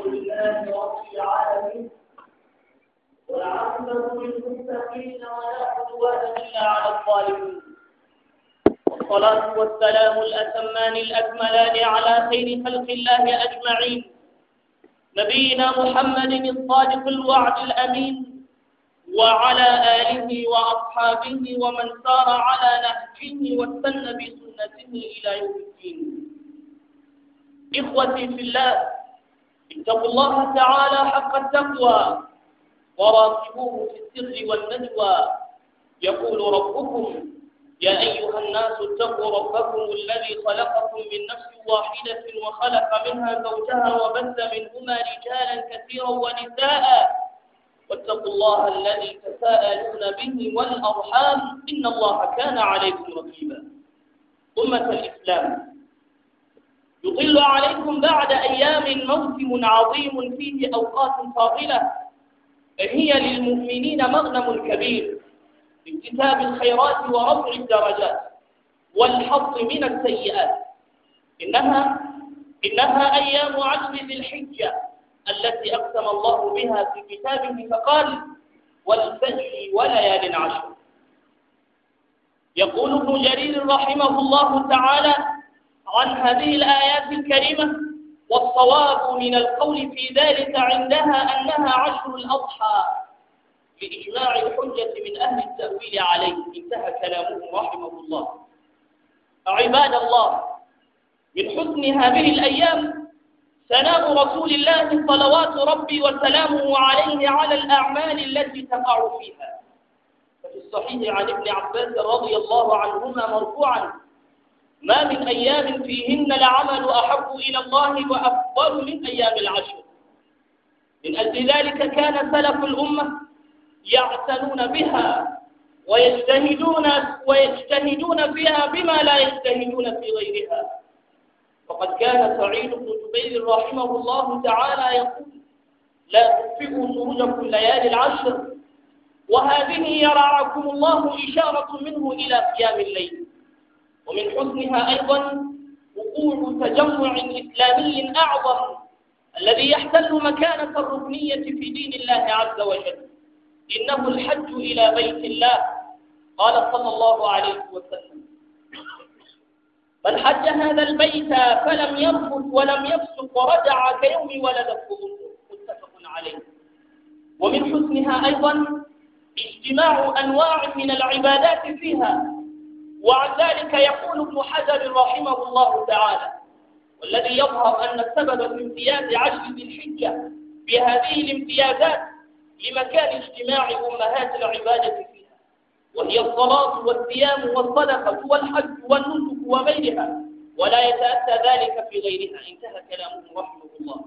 الحمد لله رب العالمين ولا عدوان إلا على والصلاة والسلام الأتمان الأكملان على خير خلق الله أجمعين نبينا محمد الصادق الوعد الأمين وعلى آله وأصحابه ومن سار على نهجه واستنى بسنته إلى يوم الدين إخوتي في الله اتقوا الله تعالى حق التقوى وراقبوه في السر والنجوى يقول ربكم يا أيها الناس اتقوا ربكم الذي خلقكم من نفس واحدة وخلق منها زوجها وبث منهما رجالا كثيرا ونساء واتقوا الله الذي تساءلون به والأرحام إن الله كان عليكم رقيبا أمة الإسلام يطل عليكم بعد أيام موسم عظيم فيه أوقات فاضلة هي للمؤمنين مغنم كبير اكتساب الخيرات ورفع الدرجات والحظ من السيئات إنها إنها أيام عشر ذي الحجة التي أقسم الله بها في كتابه فقال والفجر وليال عشر يقول ابن جرير رحمه الله تعالى عن هذه الآيات الكريمة والصواب من القول في ذلك عندها أنها عشر الأضحى بإجماع الحجة من أهل التأويل عليه انتهى كلامه رحمه الله عباد الله من حسن هذه الأيام سلام رسول الله صلوات ربي وسلامه عليه على الأعمال التي تقع فيها ففي الصحيح عن ابن عباس رضي الله عنهما مرفوعا ما من أيام فيهن العمل أحب إلى الله وأفضل من أيام العشر من أجل ذلك كان سلف الأمة يعتنون بها ويجتهدون ويجتهدون فيها بما لا يجتهدون في غيرها وقد كان سعيد بن جبير رحمه الله تعالى يقول لا تطفئوا سرجكم ليالي العشر وهذه يرعاكم الله إشارة منه إلى قيام الليل ومن حسنها أيضا وقوع تجمع إسلامي أعظم الذي يحتل مكانة الركنية في دين الله عز وجل إنه الحج إلى بيت الله قال صلى الله عليه وسلم من حج هذا البيت فلم يرفث ولم يفسق ورجع كيوم ولدته متفق عليه ومن حسنها أيضا اجتماع أنواع من العبادات فيها وعن ذلك يقول ابن حجر رحمه الله تعالى والذي يظهر أن السبب في عشر ذي الحجة بهذه الامتيازات لمكان اجتماع أمهات العبادة فيها وهي الصلاة والصيام والصدقة والحج والنسك وغيرها ولا يتأتى ذلك في غيرها انتهى كلامه رحمه الله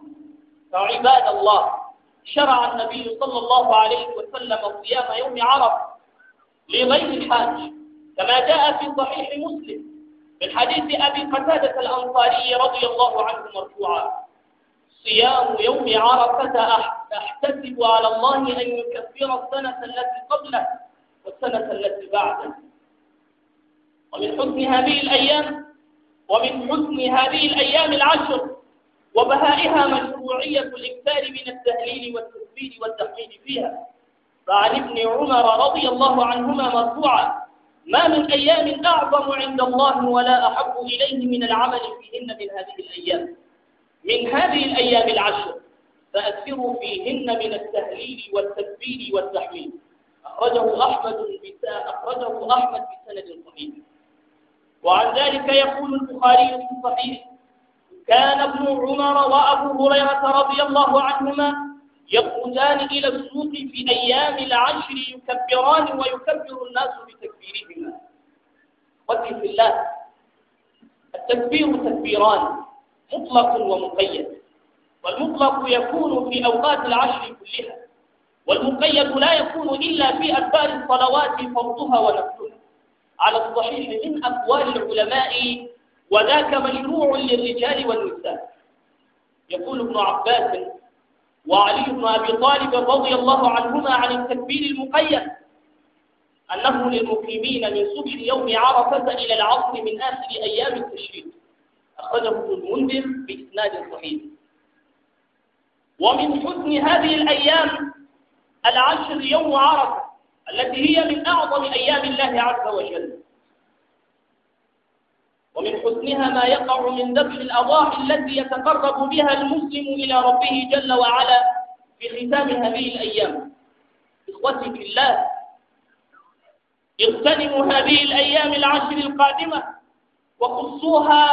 فعباد الله شرع النبي صلى الله عليه وسلم صيام يوم عرفة لغير الحاج كما جاء في صحيح مسلم من حديث أبي قتادة الأنصاري رضي الله عنه مرفوعا صيام يوم عرفة أحتسب على الله أن يكفر السنة التي قبله والسنة التي بعده ومن حسن هذه الأيام ومن حسن هذه الأيام العشر وبهائها مشروعية الإكثار من التهليل والتكبير والتحميد فيها فعن ابن عمر رضي الله عنهما مرفوعا ما من أيام أعظم عند الله ولا أحب إليه من العمل فيهن من هذه الأيام من هذه الأيام العشر فأكثروا فيهن من التهليل والتكبير والتحميل أخرجه أحمد أخرجه أحمد بسند صحيح وعن ذلك يقول البخاري في الصحيح كان ابن عمر وأبو هريرة رضي الله عنهما يخرجان إلى السوق في أيام العشر يكبران ويكبر الناس بتكبيرهما قدر في الله التكبير تكبيران مطلق ومقيد والمطلق يكون في أوقات العشر كلها والمقيد لا يكون إلا في أدبار الصلوات فرضها ونفلها على الصحيح من أقوال العلماء وذاك مشروع للرجال والنساء يقول ابن عباس وعلي بن أبي طالب رضي الله عنهما عن التكبير المقيد أنه للمقيمين من صبح يوم عرفة إلى العصر من آخر أيام التشريق أخذه ابن المنذر بإسناد صحيح ومن حسن هذه الأيام العشر يوم عرفة التي هي من أعظم أيام الله عز وجل ومن حسنها ما يقع من ذبح الأضاحي التي يتقرب بها المسلم إلى ربه جل وعلا في ختام هذه الأيام إخوتي في الله اغتنموا هذه الأيام العشر القادمة وخصوها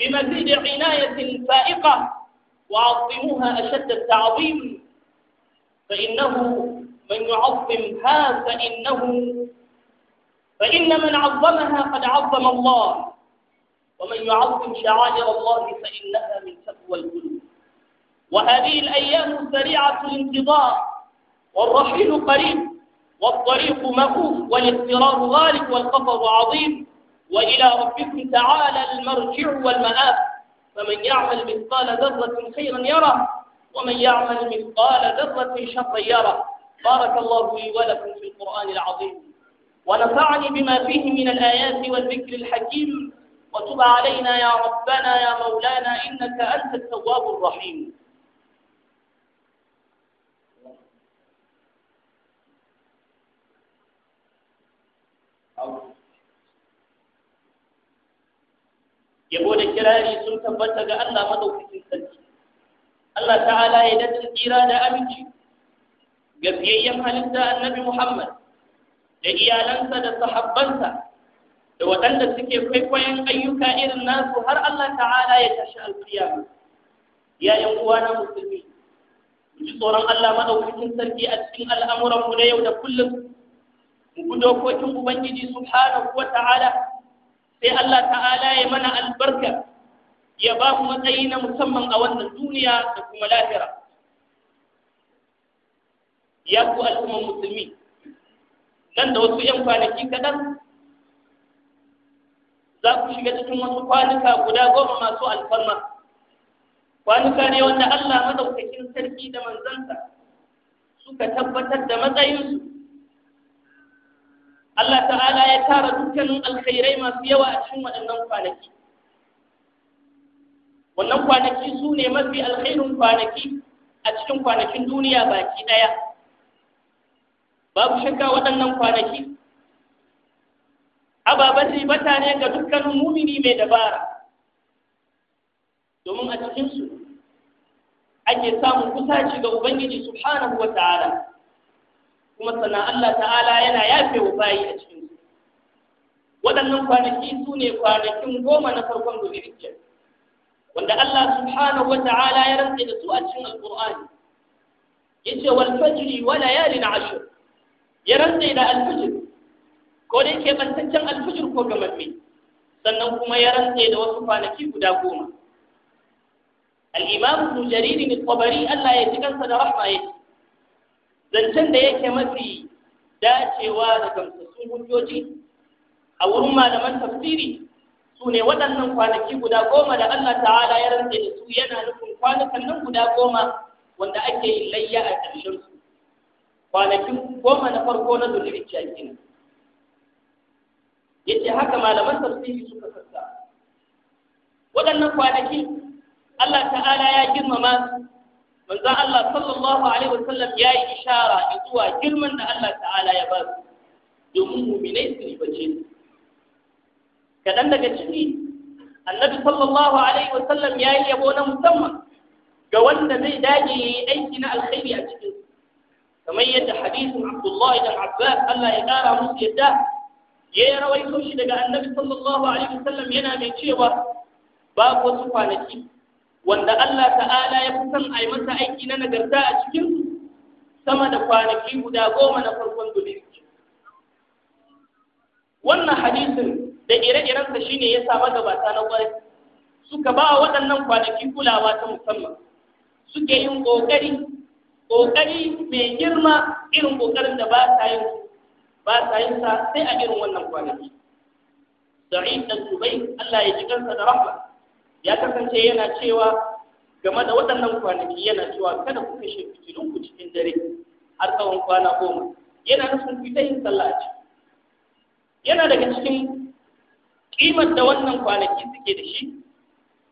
بمزيد عناية فائقة وعظموها أشد التعظيم فإنه من يعظمها فإنه فإن من عظمها قد عظم الله ومن يعظم شعائر الله فإنها من تقوى القلوب وهذه الأيام سريعة الانتظار والرحيل قريب والطريق مكوف والاضطرار غالب والقفر عظيم وإلى ربكم تعالى المرجع والمآب فمن يعمل مثقال ذرة خيرا يره ومن يعمل مثقال ذرة شرا يره بارك الله لي ولكم في القرآن العظيم ونفعني بما فيه من الآيات والذكر الحكيم وتب علينا يا ربنا يا مولانا إنك أنت التواب الرحيم yabo da kirari sun tabbata ga Allah madaukakin sarki Allah ta'ala ya dace tsira da aminci ga biyayyen halitta annabi Muhammad da iyalansa da sahabbansa da waɗanda suke kwaikwayon ayyuka irin nasu har Allah ta'ala ya tashi alkiyama ya yan uwa na musulmi mu ji tsoron Allah madaukakin sarki a cikin al'amuranmu na yau da kullum mu bi dokokin ubangiji subhanahu wa ta'ala sai Allah ta'ala ya mana albarka ya ba mu matsayi na musamman a wannan duniya da kuma lahira ya ku al'umman musulmi nan da wasu 'yan kwanaki kaɗan za ku shiga cikin wasu kwanuka guda goma masu alfarma kwanuka ne wanda Allah madaukakin sarki da manzansa suka tabbatar da matsayinsu Allah ta'ala ya tara dukkanin alkhairai masu yawa a cikin waɗannan kwanaki wannan kwanaki su ne mafi alkhairun kwanaki a cikin kwanakin duniya baki ɗaya babu shakka waɗannan kwanaki ababen ribata ne ga dukkanin mumini mai dabara domin a cikinsu ake samun kusaci ga ubangiji subhanahu wa ta'ala kuma sannan Allah ta'ala yana yafe wa bayi a cikinsu waɗannan kwanaki su ne kwanakin goma na farkon zulhijja wanda Allah subhanahu wa ta'ala ya rantse da su a cikin alqur'ani yace wal fajri wa layalin ashr ya rantse da al ko dai ke bantaccen alfajir ko gamamme sannan kuma ya rantse da wasu kwanaki guda goma al su jariri jarir kwabari Allah ya tikansa da rahma ce zancen da yake mafi dacewa da gamsassun hujjoji a wurin malaman tafsiri su ne waɗannan kwanaki guda goma da Allah ta'ala ya rantse da su yana nufin kwanakan nan guda goma wanda ake layya a ƙarshen su kwanakin goma na farko na zulhijja kenan yace haka malaman tafsiri suka fassa waɗannan kwanaki Allah ta'ala ya girmama manzon Allah sallallahu alaihi wasallam ya yi ishara zuwa girman da Allah ta'ala ya ba su domin mu'minai su ribace kaɗan daga ciki annabi sallallahu alaihi wasallam ya yi yabo na musamman ga wanda zai dage ya yi aiki na alkhairi a cikin kamar yadda hadisin abdullahi da abbas allah ya ƙara musu yadda ya rawai shi daga annabi sallallahu alaihi wasallam yana mai cewa babu wasu kwanaki wanda Allah ta'ala ya fi son a masa aiki na nagarta a cikin sama da kwanaki guda goma na farkon dole. wannan hadisin da ire-irensa shine ya sa magabata na kwarai suka ba waɗannan kwanaki kulawa ta musamman suke yin ƙoƙari ƙoƙari mai girma irin ƙoƙarin da ba sa yin ba sa yin sa sai a irin wannan kwanaki Sa'id da Zubai Allah ya ji kansa da rahma ya kasance yana cewa game da waɗannan kwanaki yana cewa kada ku kashe fitilun ku cikin dare har tsawon kwana goma yana nufin ku ta yin sallah yana daga cikin kimar da wannan kwanaki suke da shi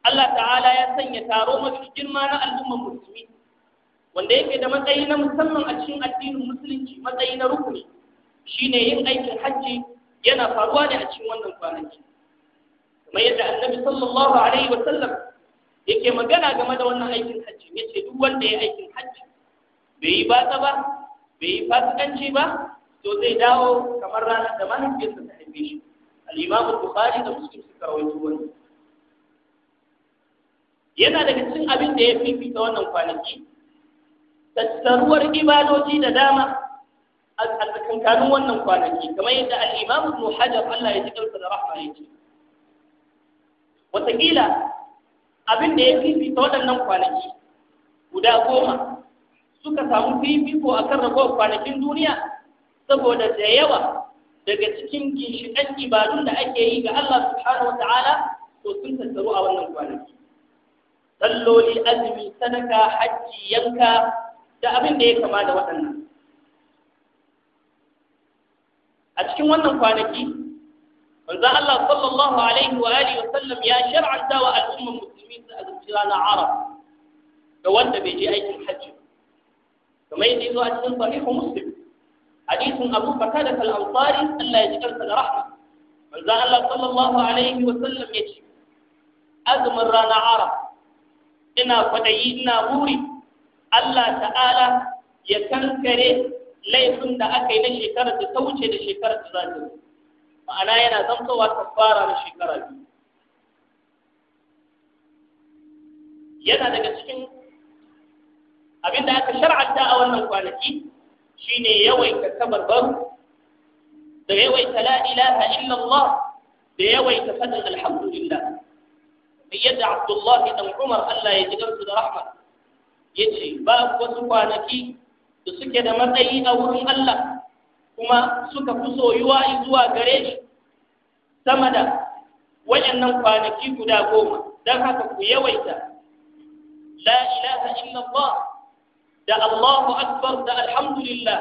Allah ta'ala ya sanya taro mafi girma na al'ummar musulmi wanda yake da matsayi na musamman a cikin addinin musulunci matsayi na rukuni shine yin aikin hajji yana faruwa ne a cikin wannan kwanaki kuma yadda annabi sallallahu alaihi wasallam yake magana game da wannan aikin hajji ce duk wanda ya aikin hajji bai yi batsa ba bai yi fasikanci ba to zai dawo kamar ranar da mahaifiyarsa ta haife shi da muslim suka rawaito yana daga cikin abin da ya fifita wannan kwanaki tattaruwar ibadoji da dama a tsakankanin wannan kwanaki kamar yadda al-imam ibn hajar Allah ya ji kansa da rahma yake wataƙila abin da ya fifita waɗannan kwanaki guda goma suka samu fifiko a kan ragowar kwanakin duniya saboda da yawa daga cikin ginshiƙan ibadun da ake yi ga Allah subhanahu wa ta'ala to sun tattaru a wannan kwanaki salloli azumi sadaka hajji yanka da abin da ya kama da waɗannan a cikin wannan kwanaki manzon Allah sallallahu alaihi wa alihi wasallam ya shar'anta wa al'ummar musulmi su azumci ranar arab da wanda bai je aikin hajji kamar yadda yazo a cikin sahihu muslim hadisin Abu Bakar al-Ansari Allah ya ji kansa da rahma manzon Allah sallallahu alaihi wa sallam ya ce azumin ranar arab ina kwadayi ina buri Allah ta'ala ya kankare laifin da aka yi na shekarar da ta wuce da shekarar da za ta ma'ana yana zamtowa kafara na shekara biyu yana daga cikin abin da aka shar'anta a wannan kwanaki shine yawaita tabarbar da yawaita la ilaha illallah da yawaita fadin alhamdulillah min yadda Abdullah dan Umar Allah ya ji gamsu da rahma yace ba wasu kwanaki da suke da matsayi a wurin Allah kuma suka fi soyuwa zuwa gare shi sama da waɗannan kwanaki guda goma don haka ku yawaita la ilaha illallah da Allahu akbar da alhamdulillah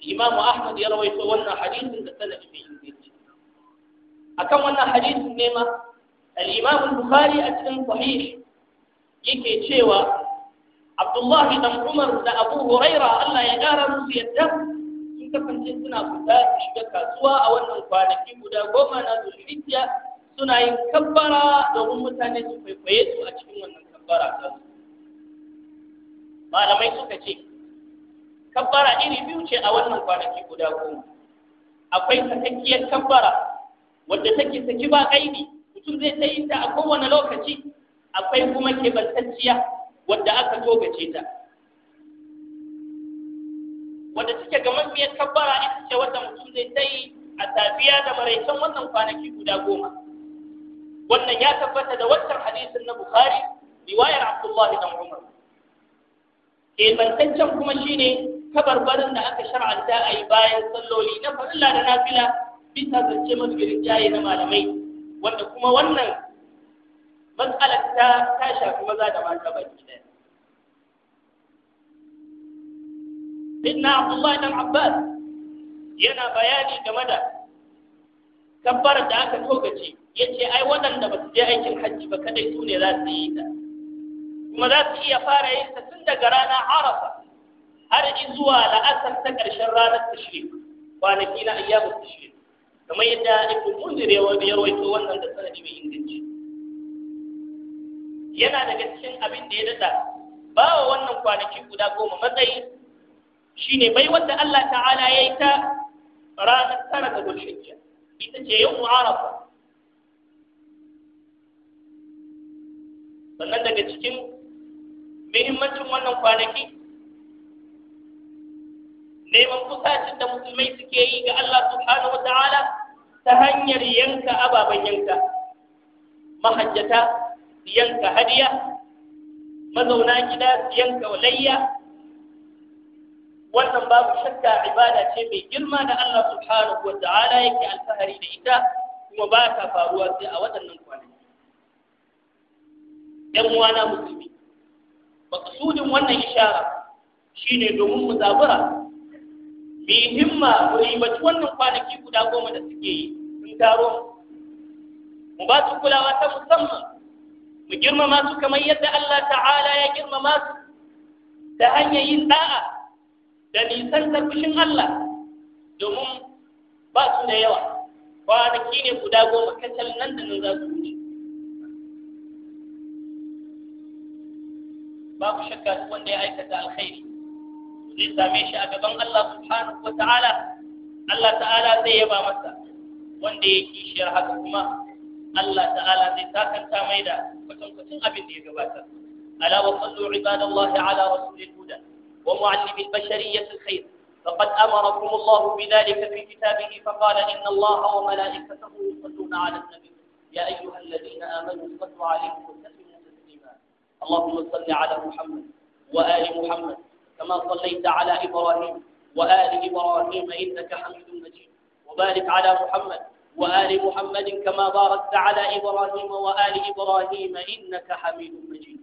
Imam Ahmad ya rawaito wannan hadisin da sanadi mai inganci akan wannan hadisin ne ma al-Imam Bukhari a cikin sahih yake cewa Abdullahi dan Umar da Abu Huraira Allah ya ƙara musu yadda sun kasance suna fita su shiga kasuwa a wannan kwanaki guda goma na Zulhijja suna yin kabbara domin mutane su kwaikwaye su a cikin wannan kabbara ta Malamai suka ce kabbara iri biyu ce a wannan kwanaki guda goma. Akwai sakakkiyar kabbara wadda take saki ba kaidi mutum zai ta yi ta a kowane lokaci akwai kuma bantacciya. wanda aka togace ta wanda take ga mafiyar kabbara ita ce wanda mutum zai sai a safiya da maraicen wannan kwanaki guda goma wannan ya tabbata da wancan hadisin na bukhari riwayar abdullah ibn umar kebantaccen eh, kuma shine kabarbarin da aka shar'anta a yi bayan salloli na farilla da nafila bisa zance mafi rinjaye na malamai wanda kuma wannan matsalar ta ta shafi maza da mata baki ɗaya Sayyidina Abdullah ibn Abbas yana bayani game da kabbar da aka togace yace ai waɗanda ba su je aikin hajji ba kadai su ne za su yi ta kuma za su iya fara yin ta tun daga ranar Arafa har zuwa la'asar ta ƙarshen ranar tashrik kwanaki na ayyamu tashrik kamar yadda ibn Munzir ya rawaito wannan da sanadi mai inganci yana daga cikin abin da ya dada ba wa wannan kwanaki guda goma matsayi Shi ne bai wadda Allah ta'ala ya yi ta ranar tara ga dulhijja ita ce yin mu'arafa sannan daga cikin muhimmancin wannan kwanaki neman kusacin da musulmai suke yi ga Allah subhanahu wa ta'ala ta hanyar yanka ababen yanka mahajjata Siyan ka hadiya mazauna gida siyan ka walayya wannan babu shakka ibada ce mai girma da Allah subhanahu wa ta'ala yake alfahari da ita kuma ba ta faruwa sai a waɗannan kwanaki ‘yan uwana musulmi maƙasudin wannan ishara shine domin mu zabura mai himma mu ribaci wannan kwanaki guda goma da suke yi sun taro mu ba su kulawa ta musamman mu girmama su kamar yadda Allah ta'ala ya girmama su ta hanyar yin da'a da nisan fushin Allah domin ba su da yawa kwanaki ne guda goma kacal nan da nan za su wuce babu shakka duk wanda ya aikata alkhairi zai same shi a gaban Allah subhanahu wa ta'ala Allah ta'ala zai yaba masa wanda ya kishiyar haka kuma Allah ta'ala zai takanta mai da kwatankwacin abin da الا وصلوا عباد الله على رسول الهدى ومعلم البشريه الخير فقد أمركم الله بذلك في كتابه فقال إن الله وملائكته يصلون على النبي يا أيها الذين آمنوا صلوا عليه وسلموا تسليما اللهم صل على محمد وآل محمد كما صليت على إبراهيم وآل إبراهيم إنك حميد مجيد وبارك على محمد وآل محمد كما باركت على إبراهيم وآل إبراهيم إنك حميد مجيد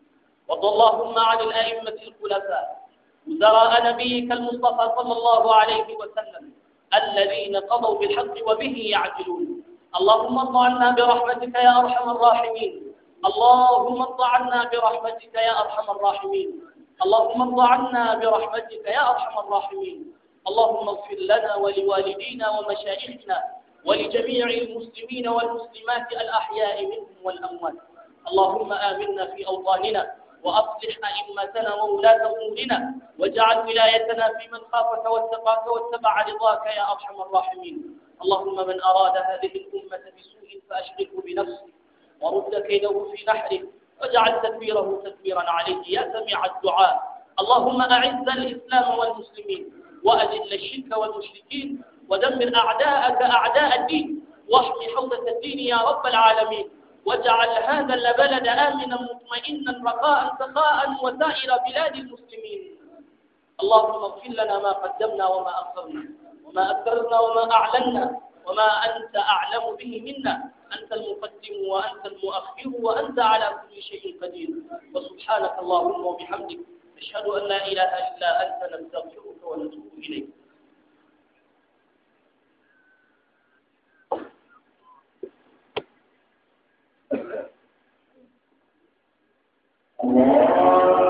وارض اللهم عن الأئمة الخلفاء وزراء نبيك المصطفى صلى الله عليه وسلم الذين قضوا بالحق وبه يعدلون اللهم ارض عنا برحمتك يا أرحم الراحمين اللهم ارض عنا برحمتك يا أرحم الراحمين اللهم ارض عنا برحمتك يا أرحم الراحمين اللهم اغفر لنا ولوالدينا ومشايخنا ولجميع المسلمين والمسلمات الأحياء منهم والأموات اللهم آمنا في أوطاننا وأصلح أئمتنا وولاة أمورنا واجعل ولايتنا في من خافك واتقاك واتبع رضاك يا أرحم الراحمين اللهم من أراد هذه الأمة بسوء فأشغله بنفسه ورد كيده في نحره واجعل تدبيره تدبيرا عليه يا سميع الدعاء اللهم أعز الإسلام والمسلمين وأذل الشرك والمشركين ودمر أعداءك أعداء الدين واحم حوزة الدين يا رب العالمين واجعل هذا البلد آمنا مطمئنا رخاء سخاء وسائر بلاد المسلمين اللهم اغفر لنا ما قدمنا وما أخرنا وما أكثرنا وما أعلنا وما أنت أعلم به منا أنت المقدم وأنت المؤخر وأنت على كل شيء قدير وسبحانك اللهم وبحمدك أشهد أن لا إله إلا أنت نستغفرك ونتوب إليك Amen.